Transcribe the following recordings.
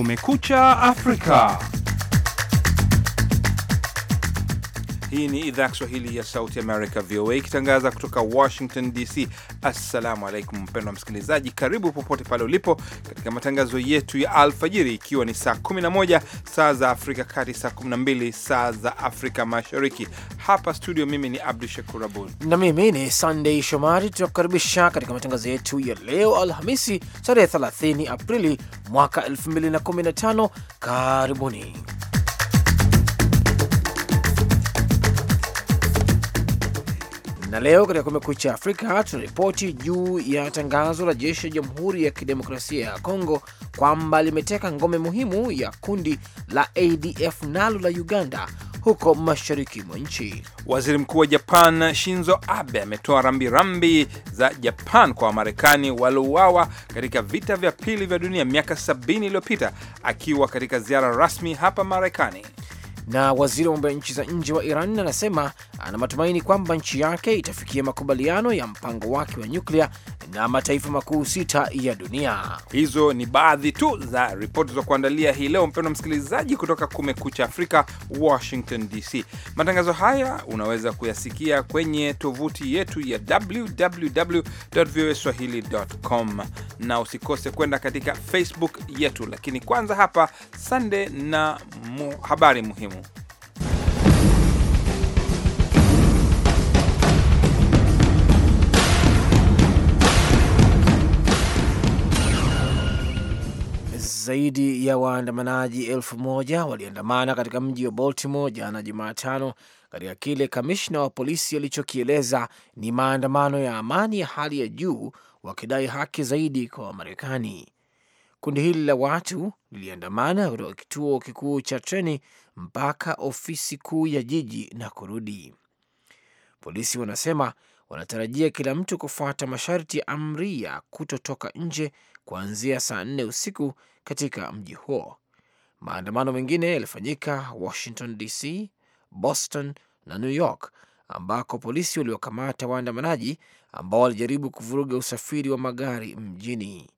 Kumekucha Afrika. Hii ni idhaa ya Kiswahili ya Sauti America, VOA, ikitangaza kutoka Washington DC. Assalamu alaikum, mpendwa msikilizaji, karibu popote pale ulipo katika matangazo yetu ya alfajiri, ikiwa ni saa 11 saa za Afrika Kati, saa 12 saa za Afrika Mashariki. Hapa studio, mimi ni Abdu Shakur Abud na mimi ni Sandei Shomari. Tunakukaribisha katika matangazo yetu ya leo Alhamisi, tarehe 30 Aprili mwaka 2015. Karibuni. Na leo katika Kumekucha Afrika tunaripoti juu ya tangazo la jeshi la Jamhuri ya Kidemokrasia ya Kongo kwamba limeteka ngome muhimu ya kundi la ADF nalo la Uganda huko mashariki mwa nchi. Waziri Mkuu wa Japan Shinzo Abe ametoa rambirambi za Japan kwa Wamarekani waliouawa katika vita vya pili vya dunia miaka 70 iliyopita akiwa katika ziara rasmi hapa Marekani. Na waziri wa mambo ya nchi za nje wa Iran anasema ana matumaini kwamba nchi yake itafikia makubaliano ya mpango wake wa nyuklia na mataifa makuu sita ya dunia. Hizo ni baadhi tu za ripoti za kuandalia hii leo, mpendwa msikilizaji, kutoka Kumekucha Afrika, Washington DC. Matangazo haya unaweza kuyasikia kwenye tovuti yetu ya www voa swahili.com, na usikose kwenda katika Facebook yetu. Lakini kwanza hapa Sande na mu habari muhimu. Zaidi ya waandamanaji elfu moja waliandamana katika mji wa Baltimore jana Jumatano, katika kile kamishna wa polisi alichokieleza ni maandamano ya amani ya hali ya juu, wakidai haki zaidi kwa Wamarekani. Kundi hili la watu liliandamana kutoka kituo kikuu cha treni mpaka ofisi kuu ya jiji na kurudi. Polisi wanasema wanatarajia kila mtu kufuata masharti ya amri ya kutotoka nje kuanzia saa nne usiku katika mji huo. Maandamano mengine yalifanyika Washington DC, Boston na New York ambako polisi waliokamata waandamanaji ambao walijaribu kuvuruga usafiri wa magari mjini.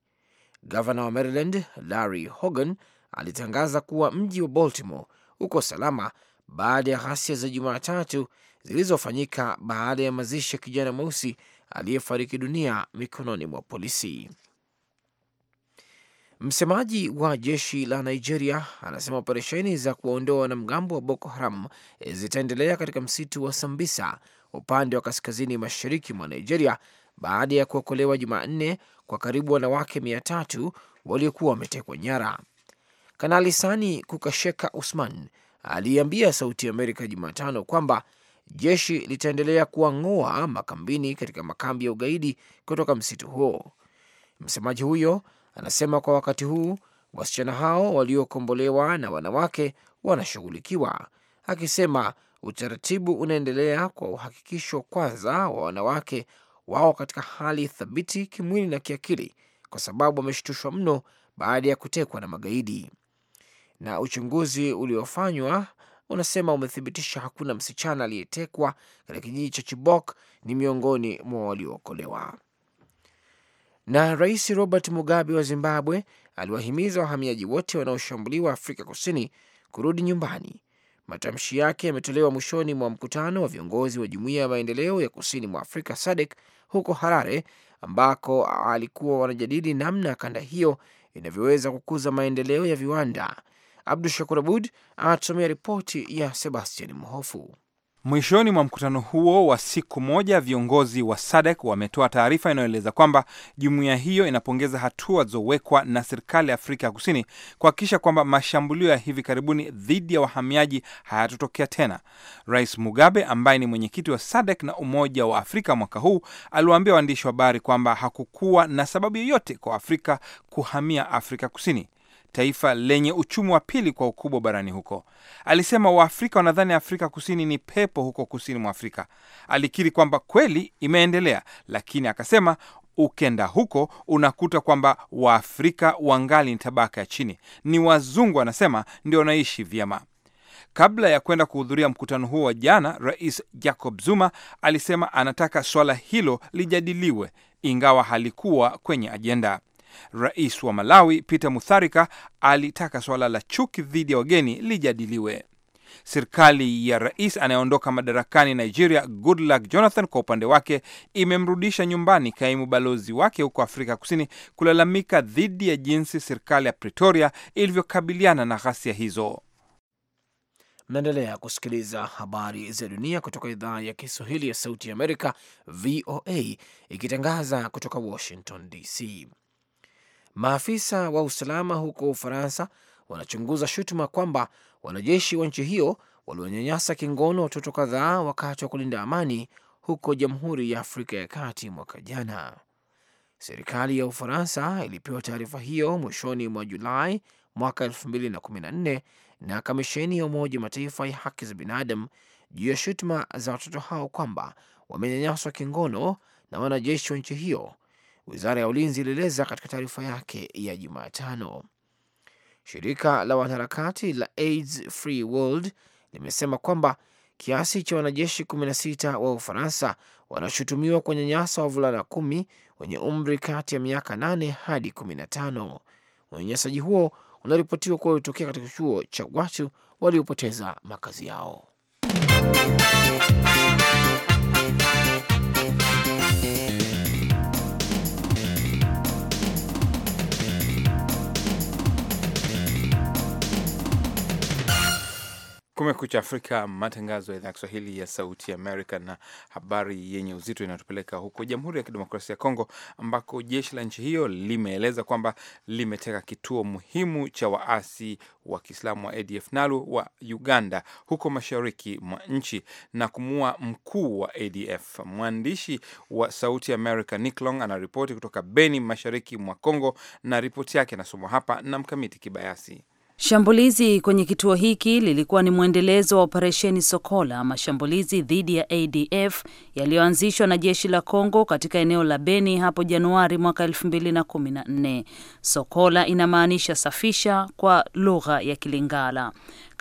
Gavana wa Maryland Larry Hogan alitangaza kuwa mji wa Baltimore uko salama baada ya ghasia za Jumatatu zilizofanyika baada ya mazishi ya kijana mweusi aliyefariki dunia mikononi mwa polisi. Msemaji wa jeshi la Nigeria anasema operesheni za kuwaondoa wanamgambo wa Boko Haram zitaendelea katika msitu wa Sambisa upande wa kaskazini mashariki mwa Nigeria baada ya kuokolewa Jumanne kwa karibu wanawake mia tatu waliokuwa wametekwa nyara. Kanali Sani Kukasheka Usman aliambia Sauti ya Amerika Jumatano kwamba jeshi litaendelea kuwang'oa makambini katika makambi ya ugaidi kutoka msitu huo. Msemaji huyo anasema kwa wakati huu wasichana hao waliokombolewa na wanawake wanashughulikiwa, akisema utaratibu unaendelea kwa uhakikisho kwanza wa wanawake wao katika hali thabiti kimwili na kiakili, kwa sababu wameshtushwa mno baada ya kutekwa na magaidi na uchunguzi uliofanywa unasema umethibitisha hakuna msichana aliyetekwa katika kijiji cha Chibok ni miongoni mwa waliookolewa. Na Rais Robert Mugabe wa Zimbabwe aliwahimiza wahamiaji wote wanaoshambuliwa Afrika Kusini kurudi nyumbani. Matamshi yake yametolewa mwishoni mwa mkutano wa viongozi wa Jumuiya ya Maendeleo ya Kusini mwa Afrika SADC huko Harare, ambako alikuwa wanajadili namna kanda hiyo inavyoweza kukuza maendeleo ya viwanda Abdu Shakur Abud anatusomea ripoti ya Sebastian Mhofu. Mwishoni mwa mkutano huo wa siku moja, viongozi wa SADC wametoa taarifa inayoeleza kwamba jumuiya hiyo inapongeza hatua zilizowekwa na serikali ya Afrika ya Kusini kuhakikisha kwamba mashambulio ya hivi karibuni dhidi ya wahamiaji hayatotokea tena. Rais Mugabe ambaye ni mwenyekiti wa SADC na Umoja wa Afrika mwaka huu aliwaambia waandishi wa habari kwamba hakukuwa na sababu yoyote kwa Afrika kuhamia Afrika Kusini taifa lenye uchumi wa pili kwa ukubwa barani huko. Alisema Waafrika wanadhani Afrika Kusini ni pepo huko kusini mwa Afrika. Alikiri kwamba kweli imeendelea, lakini akasema ukenda huko unakuta kwamba Waafrika wangali ni tabaka ya chini, ni wazungu anasema ndio wanaishi vyema. Kabla ya kwenda kuhudhuria mkutano huo wa jana, Rais Jacob Zuma alisema anataka swala hilo lijadiliwe, ingawa halikuwa kwenye ajenda. Rais wa Malawi Peter Mutharika alitaka suala la chuki dhidi ya wageni lijadiliwe. Serikali ya rais anayeondoka madarakani Nigeria, Goodluck Jonathan, kwa upande wake imemrudisha nyumbani kaimu balozi wake huko Afrika Kusini kulalamika dhidi ya jinsi serikali ya Pretoria ilivyokabiliana na ghasia hizo. Mnaendelea kusikiliza habari za dunia kutoka idhaa ya Kiswahili ya Sauti ya Amerika, VOA, ikitangaza kutoka Washington DC. Maafisa wa usalama huko Ufaransa wanachunguza shutuma kwamba wanajeshi wa nchi hiyo walionyanyasa kingono watoto kadhaa wakati wa kulinda amani huko Jamhuri ya Afrika ya Kati mwaka jana. Serikali ya Ufaransa ilipewa taarifa hiyo mwishoni mwa Julai mwaka 2014 na kamisheni ya Umoja Mataifa ya haki za binadamu juu ya shutuma za watoto hao kwamba wamenyanyaswa kingono na wanajeshi wa nchi hiyo wizara ya ulinzi ilieleza katika taarifa yake ya Jumatano. Shirika la wanaharakati la AIDS Free World limesema kwamba kiasi cha wanajeshi 16 wa Ufaransa wanashutumiwa kwa nyanyasa wavulana kumi wenye umri kati ya miaka 8 hadi 15. Unyanyasaji huo unaripotiwa kuwa ulitokea katika chuo cha watu waliopoteza makazi yao. Kumekucha Afrika, matangazo ya idhaa ya Kiswahili ya Sauti Amerika. Na habari yenye uzito inatupeleka huko Jamhuri ya Kidemokrasia ya Kongo, ambako jeshi la nchi hiyo limeeleza kwamba limeteka kituo muhimu cha waasi wa Kiislamu wa ADF NALU wa Uganda huko mashariki mwa nchi na kumuua mkuu wa ADF. Mwandishi wa Sauti Amerika Nick Long anaripoti kutoka Beni, mashariki mwa Kongo, na ripoti yake anasomwa hapa na Mkamiti Kibayasi. Shambulizi kwenye kituo hiki lilikuwa ni mwendelezo wa operesheni Sokola, mashambulizi dhidi ya ADF yaliyoanzishwa na jeshi la Kongo katika eneo la Beni hapo Januari mwaka 2014. Sokola inamaanisha safisha kwa lugha ya Kilingala.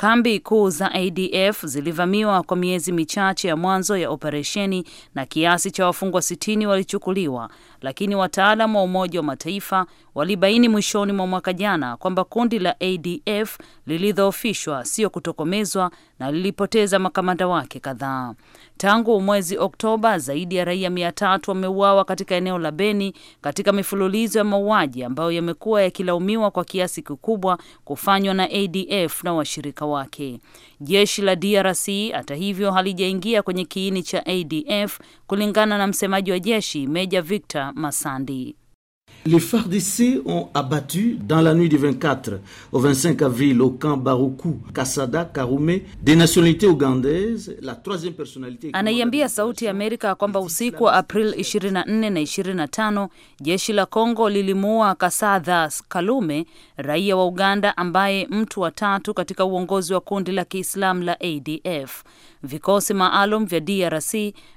Kambi kuu za ADF zilivamiwa kwa miezi michache ya mwanzo ya operesheni na kiasi cha wafungwa sitini walichukuliwa, lakini wataalamu wa Umoja wa Mataifa walibaini mwishoni mwa mwaka jana kwamba kundi la ADF lilidhoofishwa, sio kutokomezwa, na lilipoteza makamanda wake kadhaa. Tangu mwezi Oktoba, zaidi ya raia mia tatu wameuawa katika eneo la Beni katika mifululizo ya mauaji ambayo yamekuwa yakilaumiwa kwa kiasi kikubwa kufanywa na ADF na washirika wake. Jeshi la DRC hata hivyo halijaingia kwenye kiini cha ADF kulingana na msemaji wa jeshi Meja Victor Masandi. Les FARDC ont abattu dans la nuit du 24 au 25 avril au camp Baruku, Kasada, Karoumé, des nationalités ougandaises, la troisième personnalité. Anaiambia Sauti ya Amerika kwamba usiku wa April 24 na 25 jeshi la Kongo lilimuua Kasadha Kalume, raia wa Uganda ambaye mtu wa tatu katika uongozi wa kundi la Kiislamu la ADF. Vikosi maalum vya DRC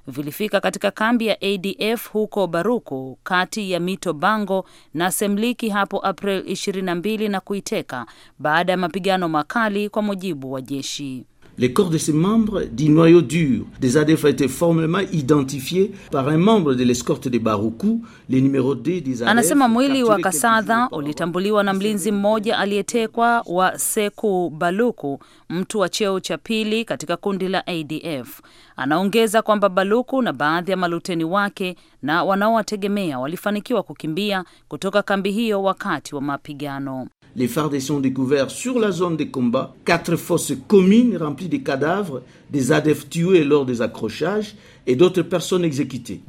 vilifika katika kambi ya ADF huko Baruku kati ya mito Bango na Semliki hapo April 22 na kuiteka baada ya mapigano makali kwa mujibu wa jeshi. Les corps de ses membres, dits noyaux durs des ADF, ont été formellement identifiés par un membre de l'escorte de Baruku, les numéros D des ADF. Anasema mwili wa Kasadha ulitambuliwa na mlinzi mmoja aliyetekwa wa Seku Baluku, mtu wa cheo cha pili katika kundi la ADF. Anaongeza kwamba Baluku na baadhi ya maluteni wake na wanaowategemea walifanikiwa kukimbia kutoka kambi hiyo wakati wa mapigano. les Fardés sont découverts sur la zone des combats quatre fosses communes remplies de cadavres, des adeptes tués lors des accrochages et d'autres personnes exécutées.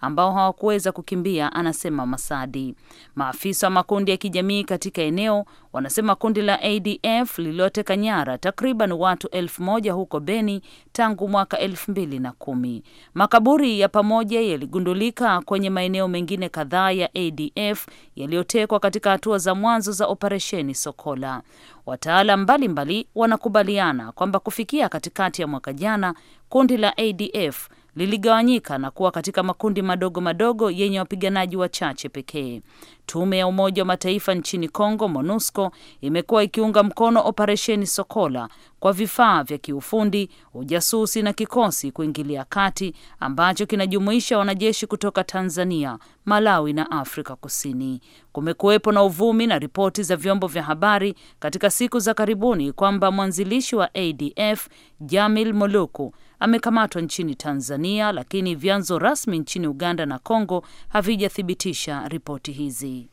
ambao hawakuweza kukimbia, anasema Masadi. Maafisa wa makundi ya kijamii katika eneo wanasema kundi la ADF lililoteka nyara takriban watu elfu moja huko Beni tangu mwaka elfu mbili na kumi. Makaburi ya pamoja yaligundulika kwenye maeneo mengine kadhaa ya ADF yaliyotekwa katika hatua za mwanzo za operesheni Sokola. Wataalam mbalimbali wanakubaliana kwamba kufikia katikati ya mwaka jana kundi la ADF liligawanyika na kuwa katika makundi madogo madogo yenye wapiganaji wachache pekee. Tume ya Umoja wa Mataifa nchini Kongo, MONUSCO, imekuwa ikiunga mkono operesheni Sokola kwa vifaa vya kiufundi, ujasusi na kikosi kuingilia kati ambacho kinajumuisha wanajeshi kutoka Tanzania, Malawi na Afrika Kusini. Kumekuwepo na uvumi na ripoti za vyombo vya habari katika siku za karibuni kwamba mwanzilishi wa ADF Jamil Moluku amekamatwa nchini Tanzania, lakini vyanzo rasmi nchini Uganda na Kongo havijathibitisha ripoti hizi.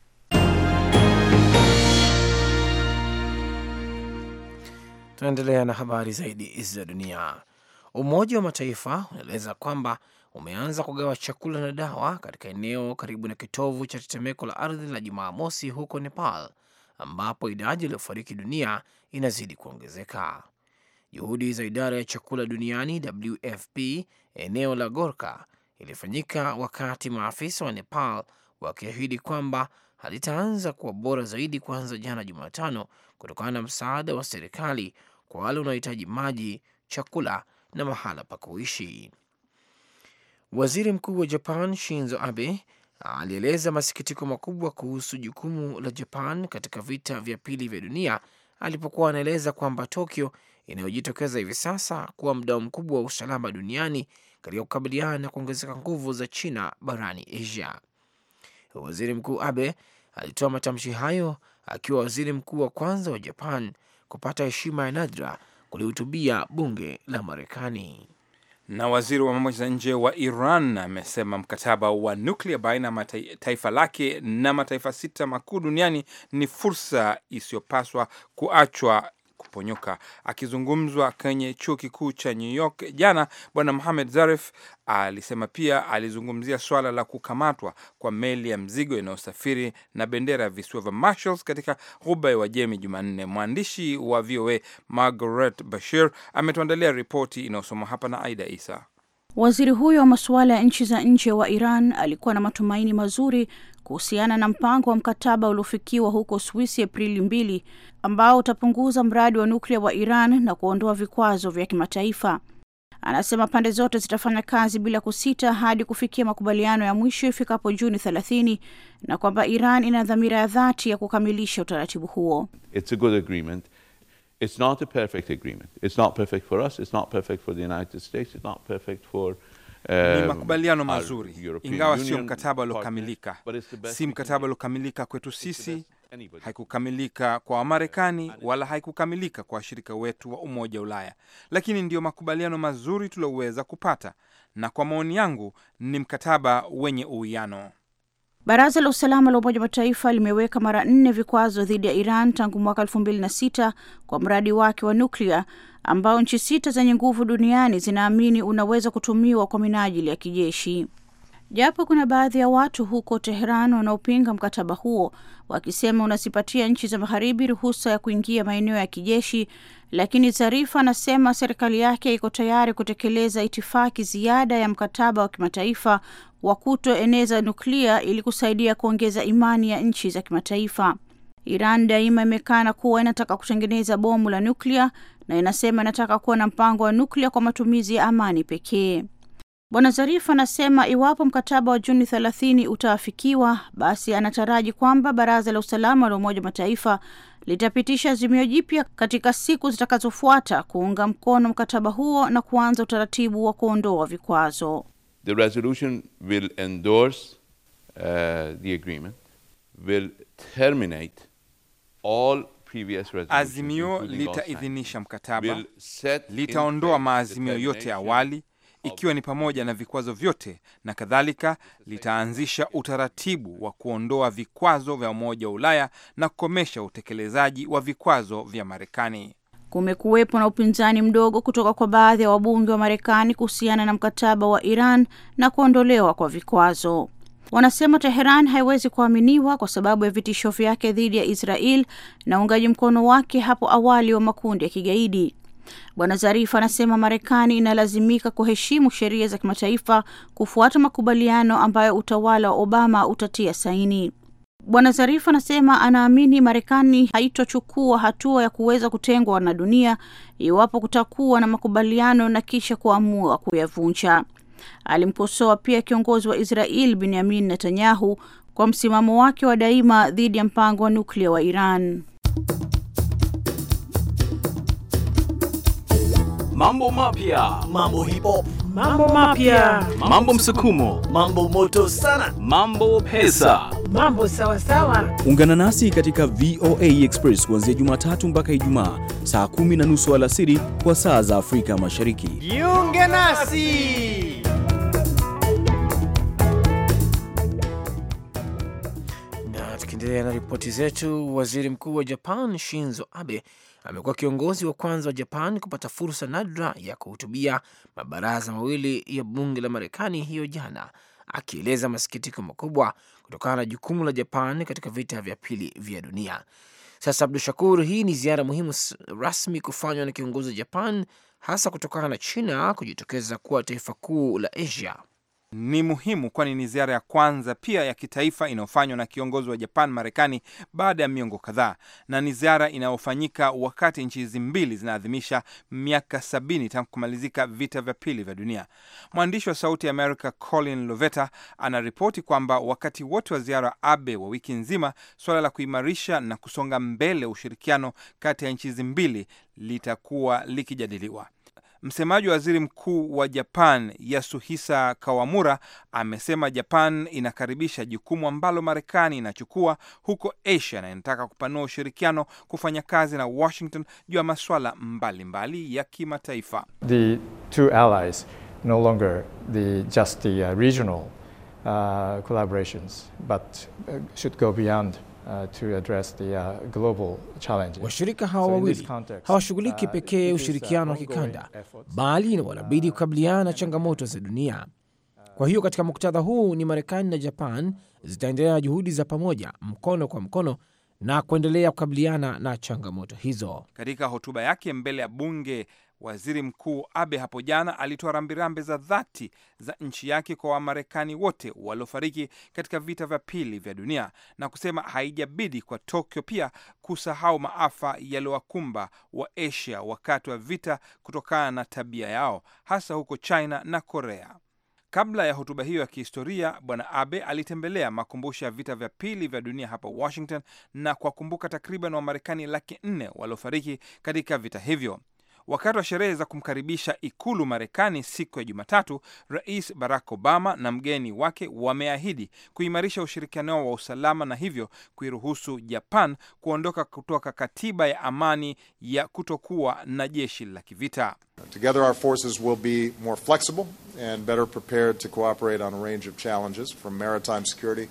Tunaendelea na habari zaidi za dunia. Umoja wa Mataifa unaeleza kwamba umeanza kugawa chakula na dawa katika eneo karibu na kitovu cha tetemeko la ardhi la jumaa mosi huko Nepal, ambapo idadi iliyofariki dunia inazidi kuongezeka. Juhudi za idara ya chakula duniani WFP eneo la Gorka ilifanyika wakati maafisa wa Nepal wakiahidi kwamba halitaanza kuwa bora zaidi kuanza jana Jumatano kutokana na msaada wa serikali kwa wale wanaohitaji maji, chakula na mahala pa kuishi. Waziri Mkuu wa Japan Shinzo Abe alieleza masikitiko makubwa kuhusu jukumu la Japan katika vita vya pili vya dunia alipokuwa anaeleza kwamba Tokyo inayojitokeza hivi sasa kuwa mdao mkubwa wa usalama duniani katika kukabiliana na kuongezeka nguvu za China barani Asia. Waziri Mkuu Abe alitoa matamshi hayo akiwa waziri mkuu wa kwanza wa Japan kupata heshima ya nadra kulihutubia bunge la Marekani. Na waziri wa mambo ya nje wa Iran amesema mkataba wa nuklia baina ya taifa lake na mataifa sita makuu duniani ni fursa isiyopaswa kuachwa kuponyoka. Akizungumzwa kwenye chuo kikuu cha New York jana, Bwana Mohamed Zarif alisema pia alizungumzia swala la kukamatwa kwa meli ya mzigo inayosafiri na bendera ya visiwa vya Marshalls katika ghuba ya Uajemi Jumanne. Mwandishi wa VOA Margaret Bashir ametuandalia ripoti inayosoma hapa na Aida Isa. Waziri huyo wa masuala ya nchi za nje wa Iran alikuwa na matumaini mazuri kuhusiana na mpango wa mkataba uliofikiwa huko Swisi Aprili mbili ambao utapunguza mradi wa nuklia wa Iran na kuondoa vikwazo vya kimataifa. Anasema pande zote zitafanya kazi bila kusita hadi kufikia makubaliano ya mwisho ifikapo Juni 30 na kwamba Iran ina dhamira ya dhati ya kukamilisha utaratibu huo. It's a good agreement. It's not a perfect agreement. It's not perfect for us. It's not perfect for the United States. It's not perfect for ni um, makubaliano mazuri ingawa sio mkataba uliokamilika, si mkataba uliokamilika kwetu sisi, haikukamilika kwa Wamarekani wala haikukamilika kwa washirika wetu wa Umoja wa Ulaya, lakini ndiyo makubaliano mazuri tulioweza kupata, na kwa maoni yangu ni mkataba wenye uwiano. Baraza la usalama la Umoja wa Mataifa limeweka mara nne vikwazo dhidi ya Iran tangu mwaka elfu mbili na sita kwa mradi wake wa nuklia ambao nchi sita zenye nguvu duniani zinaamini unaweza kutumiwa kwa minajili ya kijeshi. Japo kuna baadhi ya watu huko Teheran wanaopinga mkataba huo wakisema unasipatia nchi za magharibi ruhusa ya kuingia maeneo ya kijeshi lakini Zarifa anasema serikali yake iko tayari kutekeleza itifaki ziada ya mkataba wa kimataifa wa kutoeneza nuklia ili kusaidia kuongeza imani ya nchi za kimataifa. Iran daima imekana kuwa inataka kutengeneza bomu la nuklia na inasema inataka kuwa na mpango wa nuklia kwa matumizi ya amani pekee. Bwana Zarif anasema iwapo mkataba wa Juni 30 utaafikiwa, basi anataraji kwamba baraza la usalama la Umoja wa Mataifa litapitisha azimio jipya katika siku zitakazofuata kuunga mkono mkataba huo na kuanza utaratibu wa kuondoa vikwazo. The resolution will endorse, uh, the agreement, will terminate all azimio litaidhinisha mkataba, litaondoa maazimio yote awali ikiwa ni pamoja na vikwazo vyote na kadhalika. Litaanzisha utaratibu wa kuondoa vikwazo vya Umoja wa Ulaya na kukomesha utekelezaji wa vikwazo vya Marekani. Kumekuwepo na upinzani mdogo kutoka kwa baadhi ya wabunge wa Marekani kuhusiana na mkataba wa Iran na kuondolewa kwa vikwazo. Wanasema Teheran haiwezi kuaminiwa kwa sababu ya vitisho vyake dhidi ya Israel na uungaji mkono wake hapo awali wa makundi ya kigaidi. Bwana zarif anasema Marekani inalazimika kuheshimu sheria za kimataifa, kufuata makubaliano ambayo utawala wa Obama utatia saini. Bwana zarif anasema anaamini Marekani haitochukua hatua ya kuweza kutengwa na dunia iwapo kutakuwa na makubaliano na kisha kuamua kuyavunja. Alimkosoa pia kiongozi wa Israel Benyamin Netanyahu kwa msimamo wake wa daima dhidi ya mpango wa nuklia wa Iran. mambo mapya, mambo hip hop, mambo mapya, mambo msukumo, mambo moto sana, mambo pesa, mambo sawa sawa. Ungana nasi katika VOA Express kuanzia Jumatatu mpaka Ijumaa saa kumi na nusu alasiri kwa saa za Afrika Mashariki. Jiunge nasi. Tukiendelea na ripoti zetu, waziri mkuu wa Japan Shinzo Abe amekuwa kiongozi wa kwanza wa Japan kupata fursa nadra ya kuhutubia mabaraza mawili ya bunge la Marekani hiyo jana, akieleza masikitiko makubwa kutokana na jukumu la Japan katika vita vya pili vya dunia. Sasa Abdu Shakur, hii ni ziara muhimu rasmi kufanywa na kiongozi wa Japan, hasa kutokana na China kujitokeza kuwa taifa kuu la Asia ni muhimu, kwani ni ziara ya kwanza pia ya kitaifa inayofanywa na kiongozi wa Japan Marekani baada ya miongo kadhaa, na ni ziara inayofanyika wakati nchi hizi mbili zinaadhimisha miaka sabini tangu kumalizika vita vya pili vya dunia. Mwandishi wa Sauti ya Colin Loveta anaripoti kwamba wakati wote wa ziara Abe wa wiki nzima, suala la kuimarisha na kusonga mbele ushirikiano kati ya nchi hizi mbili litakuwa likijadiliwa. Msemaji wa waziri mkuu wa Japan Yasuhisa Kawamura amesema Japan inakaribisha jukumu ambalo Marekani inachukua huko Asia na inataka kupanua ushirikiano kufanya kazi na Washington juu ya masuala mbalimbali ya kimataifa. The two allies no longer the just the uh, regional uh, collaborations but uh, should go beyond Uh, to address the, uh, global challenges. Washirika hawa wawili hawashughuliki uh, pekee uh, ushirikiano wa kikanda, bali wanabidi kukabiliana na changamoto za dunia. Kwa hiyo katika muktadha huu ni Marekani na Japan zitaendelea na juhudi za pamoja, mkono kwa mkono, na kuendelea kukabiliana na changamoto hizo. Katika hotuba yake mbele ya bunge Waziri Mkuu Abe hapo jana alitoa rambirambe za dhati za nchi yake kwa Wamarekani wote waliofariki katika vita vya pili vya dunia na kusema haijabidi kwa Tokyo pia kusahau maafa yaliyowakumba wa Asia wakati wa vita kutokana na tabia yao hasa huko China na Korea. Kabla ya hotuba hiyo ya kihistoria, Bwana Abe alitembelea makumbusho ya vita vya pili vya dunia hapa Washington na kuwakumbuka takriban Wamarekani laki nne waliofariki katika vita hivyo. Wakati wa sherehe za kumkaribisha ikulu Marekani siku ya Jumatatu, Rais Barack Obama na mgeni wake wameahidi kuimarisha ushirikiano wa usalama na hivyo kuiruhusu Japan kuondoka kutoka katiba ya amani ya kutokuwa na jeshi la kivita. Together our forces will be more flexible and better prepared to cooperate on a range of challenges from maritime security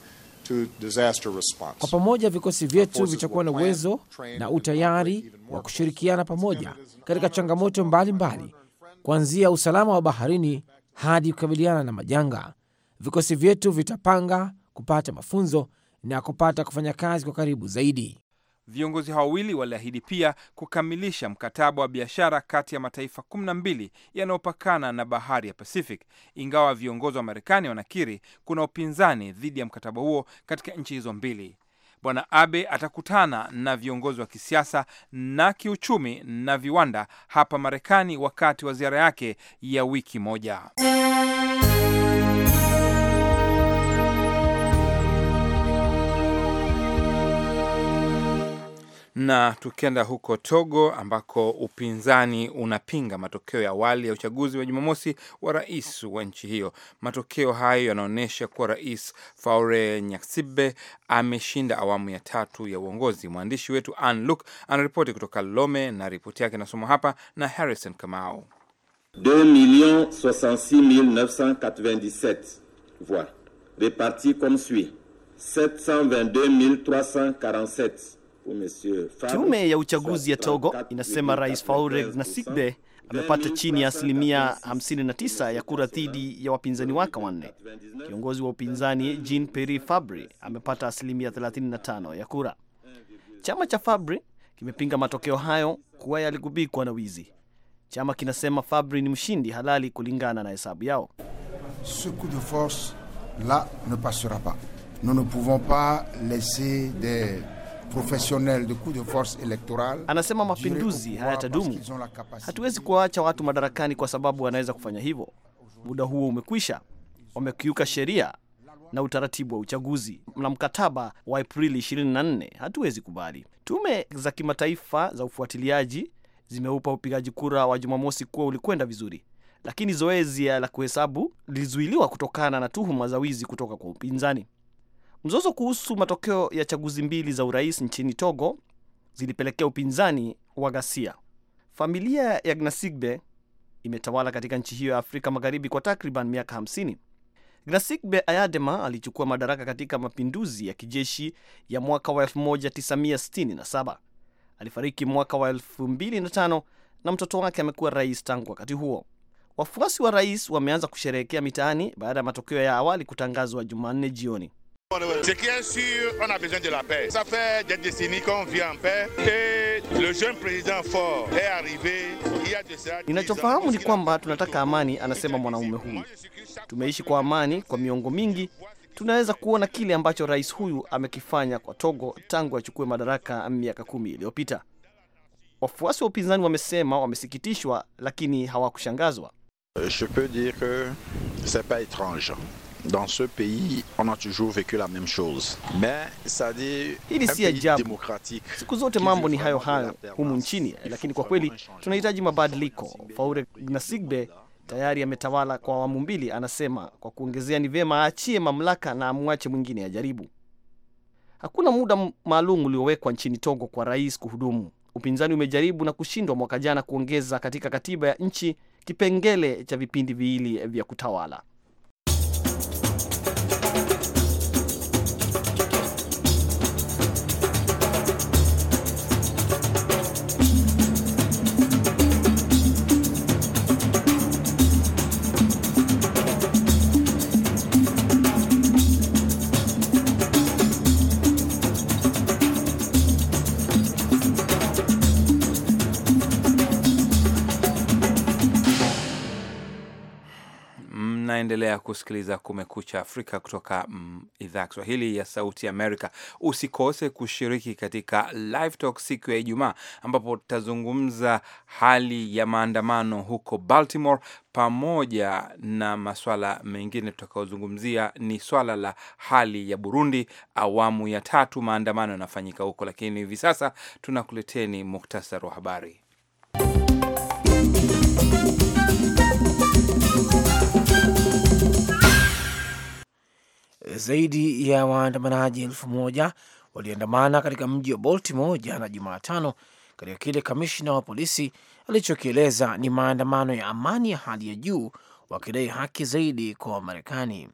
kwa pamoja vikosi vyetu vitakuwa na uwezo na utayari wa kushirikiana pamoja katika changamoto mbalimbali, kuanzia usalama wa baharini hadi kukabiliana na majanga. Vikosi vyetu vitapanga kupata mafunzo na kupata kufanya kazi kwa karibu zaidi. Viongozi hao wawili waliahidi pia kukamilisha mkataba wa biashara kati ya mataifa 12 yanayopakana na bahari ya Pacific, ingawa viongozi wa Marekani wanakiri kuna upinzani dhidi ya mkataba huo katika nchi hizo mbili. Bwana Abe atakutana na viongozi wa kisiasa na kiuchumi na viwanda hapa Marekani wakati wa ziara yake ya wiki moja. Na tukienda huko Togo ambako upinzani unapinga matokeo ya awali ya uchaguzi wa Jumamosi wa rais wa nchi hiyo. Matokeo hayo yanaonyesha kuwa Rais Faure Nyasibe ameshinda awamu ya tatu ya uongozi. Mwandishi wetu anne Luk anaripoti kutoka Lome na ripoti yake inasoma hapa na Harrison Kamau. 2,066,997 voix reparties comme suit 722,347 Tume ya uchaguzi ya Togo inasema Rais Faure Gnassingbe amepata chini ya asilimia 59 ya kura dhidi ya wapinzani wake wanne. Kiongozi wa upinzani Jean Pierre Fabre amepata asilimia 35 ya kura. Chama cha Fabre kimepinga matokeo hayo kuwa yaligubikwa na wizi. Chama kinasema Fabre ni mshindi halali kulingana na hesabu yao. Ce coup de force la ne passera pas. Nous ne pouvons pas laisser des professionnel de coup de force electoral. Anasema mapinduzi hayatadumu, hatuwezi kuwaacha watu madarakani kwa sababu wanaweza kufanya hivyo. Muda huo umekwisha, wamekiuka sheria na utaratibu wa uchaguzi na mkataba wa Aprili 24. Hatuwezi kubali. Tume za kimataifa za ufuatiliaji zimeupa upigaji kura wa Jumamosi kuwa ulikwenda vizuri, lakini zoezi la kuhesabu lilizuiliwa kutokana na tuhuma za wizi kutoka kwa upinzani. Mzozo kuhusu matokeo ya chaguzi mbili za urais nchini Togo zilipelekea upinzani wa ghasia. Familia ya Gnassingbe imetawala katika nchi hiyo ya Afrika Magharibi kwa takriban miaka 50. Gnassingbe Ayadema alichukua madaraka katika mapinduzi ya kijeshi ya mwaka wa 1967. Alifariki mwaka wa 2005 na mtoto wake amekuwa rais tangu wakati huo. Wafuasi wa rais wameanza kusherehekea mitaani baada ya matokeo ya awali kutangazwa Jumanne jioni répondre. Ce qui est sûr, on a besoin de la paix. Ça fait des décennies qu'on vit en paix et le jeune président fort est arrivé. Ninachofahamu ni kwamba tunataka amani, anasema mwanaume huyu. Tumeishi kwa amani kwa miongo mingi, tunaweza kuona kile ambacho rais huyu amekifanya kwa Togo tangu achukue madaraka miaka kumi iliyopita. Wafuasi wa upinzani wamesema wamesikitishwa, lakini hawakushangazwa. Je peux dire que c'est pas étrange dans ce pays, on a toujours vécu la même chose. Hili si ajabu, siku zote mambo ni hayo hayo humu nchini, lakini kwa kweli tunahitaji mabadiliko. Faure Gnassingbe tayari ametawala kwa awamu mbili, anasema kwa kuongezea, ni vyema aachie mamlaka na amwache mwingine ajaribu. Hakuna muda maalum uliowekwa nchini Togo kwa rais kuhudumu. Upinzani umejaribu na kushindwa mwaka jana kuongeza katika katiba ya nchi kipengele cha vipindi viwili vya kutawala. Unaendelea kusikiliza Kumekucha Afrika kutoka mm, idhaa ya Kiswahili ya Sauti Amerika. Usikose kushiriki katika Live Talk siku ya Ijumaa, ambapo tutazungumza hali ya maandamano huko Baltimore pamoja na maswala mengine tutakaozungumzia ni swala la hali ya Burundi awamu ya tatu, maandamano yanafanyika huko, lakini hivi sasa tunakuleteni muktasari wa habari. Zaidi ya waandamanaji elfu moja waliandamana katika mji wa Baltimore jana Jumatano, katika kile kamishna wa polisi alichokieleza ni maandamano ya amani ya hali ya juu, wakidai haki zaidi kwa Wamarekani.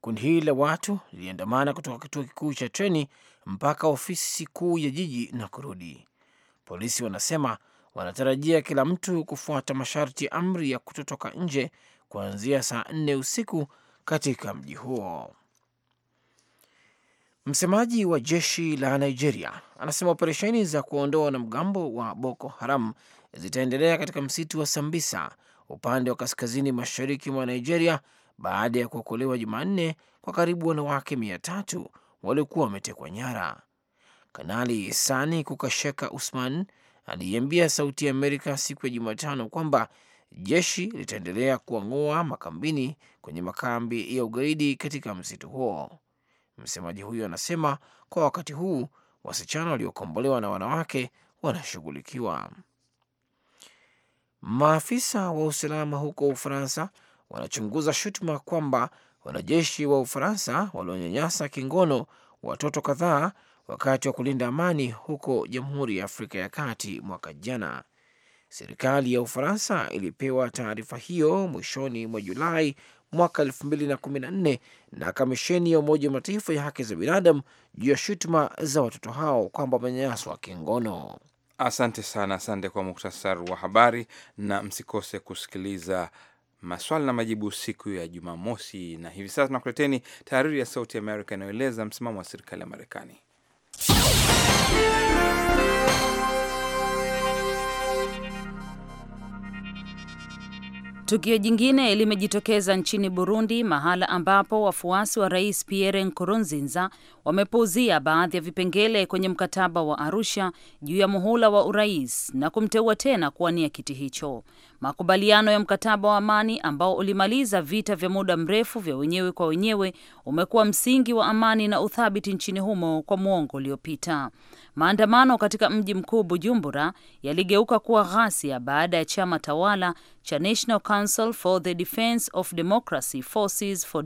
Kundi hili la watu liliandamana kutoka kituo kikuu cha treni mpaka ofisi kuu ya jiji na kurudi. Polisi wanasema wanatarajia kila mtu kufuata masharti ya amri ya kutotoka nje kuanzia saa nne usiku katika mji huo. Msemaji wa jeshi la Nigeria anasema operesheni za kuondoa wanamgambo wa Boko Haram zitaendelea katika msitu wa Sambisa upande wa kaskazini mashariki mwa Nigeria baada ya kuokolewa Jumanne kwa karibu wanawake mia tatu waliokuwa wametekwa nyara. Kanali Sani Kukasheka Usman aliiambia Sauti ya Amerika siku ya Jumatano kwamba jeshi litaendelea kuwang'oa makambini kwenye makambi ya ugaidi katika msitu huo. Msemaji huyo anasema kwa wakati huu wasichana waliokombolewa na wanawake wanashughulikiwa. Maafisa wa usalama huko Ufaransa wanachunguza shutuma kwamba wanajeshi wa Ufaransa walionyanyasa kingono watoto kadhaa wakati wa kulinda amani huko Jamhuri ya Afrika ya Kati mwaka jana. Serikali ya Ufaransa ilipewa taarifa hiyo mwishoni mwa Julai mwaka 2014 na kamisheni ya Umoja wa Mataifa ya haki za binadamu juu ya shutuma za watoto hao kwamba wamenyanyaswa kingono. Asante sana, asante kwa muktasari wa habari, na msikose kusikiliza maswali na majibu siku ya Jumamosi. Na hivi sasa tunakuleteni tahariri ya Sauti Amerika inayoeleza msimamo wa serikali ya Marekani. Tukio jingine limejitokeza nchini Burundi, mahala ambapo wafuasi wa rais Pierre Nkurunziza wamepuuzia baadhi ya vipengele kwenye mkataba wa Arusha juu ya muhula wa urais na kumteua tena kuwania kiti hicho. Makubaliano ya mkataba wa amani ambao ulimaliza vita vya muda mrefu vya wenyewe kwa wenyewe umekuwa msingi wa amani na uthabiti nchini humo kwa muongo uliopita. Maandamano katika mji mkuu Bujumbura yaligeuka kuwa ghasia baada ya chama tawala cha National Council for the of Democracy Forces for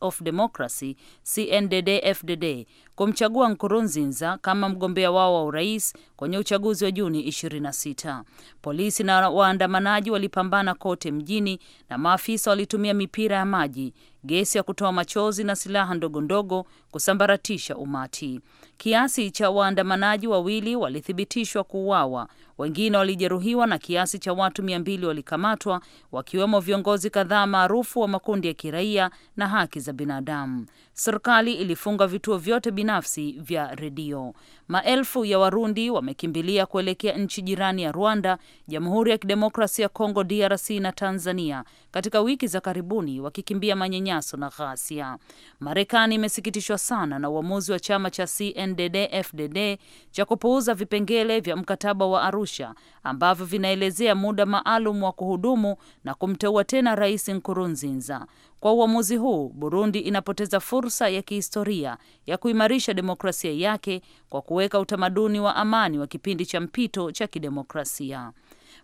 of Democracy CNDD-FDD kumchagua Nkurunziza kama mgombea wao wa urais kwenye uchaguzi wa Juni 26. Polisi na waandamanaji walipambana kote mjini na maafisa walitumia mipira ya maji gesi ya kutoa machozi na silaha ndogo ndogo kusambaratisha umati. Kiasi cha waandamanaji wawili walithibitishwa kuuawa, wengine walijeruhiwa na kiasi cha watu mia mbili walikamatwa, wakiwemo viongozi kadhaa maarufu wa makundi ya kiraia na haki za binadamu. Serikali ilifunga vituo vyote binafsi vya redio. Maelfu ya Warundi wamekimbilia kuelekea nchi jirani ya Rwanda, Jamhuri ya Kidemokrasia ya Kongo DRC na Tanzania katika wiki za karibuni wakikimbia manyenye manyanyaso na ghasia. Marekani imesikitishwa sana na uamuzi wa chama cha CNDD-FDD cha kupuuza vipengele vya mkataba wa Arusha ambavyo vinaelezea muda maalum wa kuhudumu na kumteua tena Rais Nkurunziza. Kwa uamuzi huu, Burundi inapoteza fursa ya kihistoria ya kuimarisha demokrasia yake kwa kuweka utamaduni wa amani wa kipindi cha mpito cha kidemokrasia.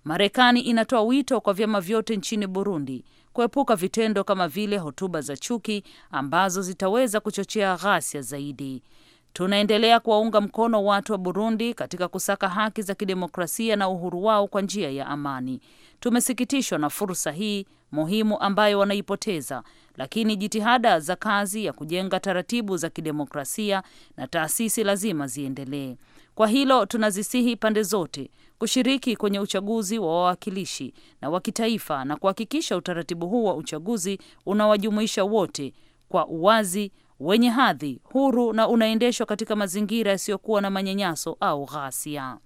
Marekani inatoa wito kwa vyama vyote nchini Burundi kuepuka vitendo kama vile hotuba za chuki ambazo zitaweza kuchochea ghasia zaidi. Tunaendelea kuwaunga mkono watu wa Burundi katika kusaka haki za kidemokrasia na uhuru wao kwa njia ya amani. Tumesikitishwa na fursa hii muhimu ambayo wanaipoteza, lakini jitihada za kazi ya kujenga taratibu za kidemokrasia na taasisi lazima ziendelee. Kwa hilo tunazisihi pande zote kushiriki kwenye uchaguzi wa wawakilishi na wa kitaifa na kuhakikisha utaratibu huu wa uchaguzi unawajumuisha wote kwa uwazi, wenye hadhi, huru na unaendeshwa katika mazingira yasiyokuwa na manyanyaso au ghasia.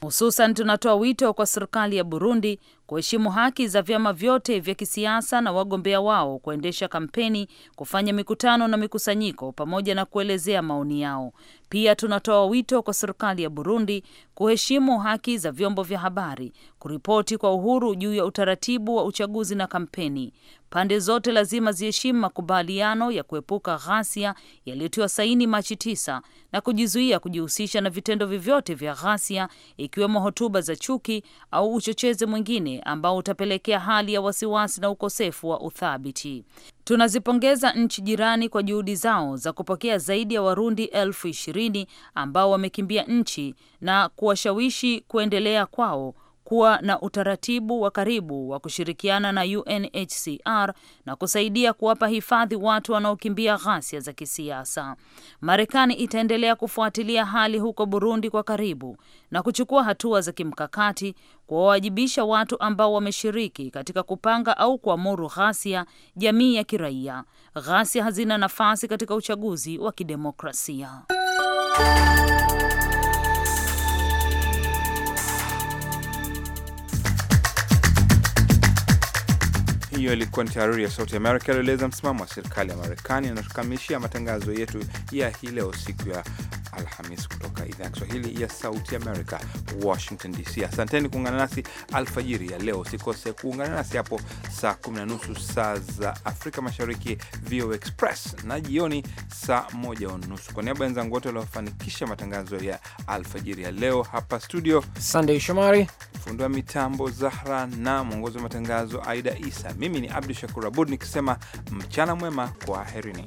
Hususan tunatoa wito kwa serikali ya Burundi kuheshimu haki za vyama vyote vya kisiasa na wagombea wao kuendesha kampeni, kufanya mikutano na mikusanyiko, pamoja na kuelezea maoni yao. Pia tunatoa wito kwa serikali ya Burundi kuheshimu haki za vyombo vya habari kuripoti kwa uhuru juu ya utaratibu wa uchaguzi na kampeni. Pande zote lazima ziheshimu makubaliano ya kuepuka ghasia yaliyotiwa saini Machi tisa na kujizuia kujihusisha na vitendo vyovyote vya ghasia, ikiwemo hotuba za chuki au uchochezi mwingine ambao utapelekea hali ya wasiwasi na ukosefu wa uthabiti. Tunazipongeza nchi jirani kwa juhudi zao za kupokea zaidi ya Warundi elfu ishirini ambao wamekimbia nchi na kuwashawishi kuendelea kwao kuwa na utaratibu wa karibu wa kushirikiana na UNHCR na kusaidia kuwapa hifadhi watu wanaokimbia ghasia za kisiasa. Marekani itaendelea kufuatilia hali huko Burundi kwa karibu na kuchukua hatua za kimkakati kuwawajibisha watu ambao wameshiriki katika kupanga au kuamuru ghasia, jamii ya kiraia. Ghasia hazina nafasi katika uchaguzi wa kidemokrasia. Hiyo ilikuwa ni tahariri ya Sauti Amerika alioeleza msimamo wa serikali ya Marekani. Anatukamilishia matangazo yetu ya hii leo siku ya Alhamis kutoka idhaa ya Kiswahili ya Sauti Amerika, Washington DC. Asanteni kuungana nasi alfajiri ya leo. Usikose kuungana nasi hapo saa kumi na nusu saa za Afrika Mashariki, VO Express, na jioni saa moja unusu. Kwa niaba ya wenzangu wote waliofanikisha matangazo ya alfajiri ya leo hapa studio, Sandey Shomari, fundi wa mitambo Zahra, na mwongozi wa matangazo Aida Isa. Mimi mimi ni Abdu Shakur Abud nikisema mchana mwema, kwa herini.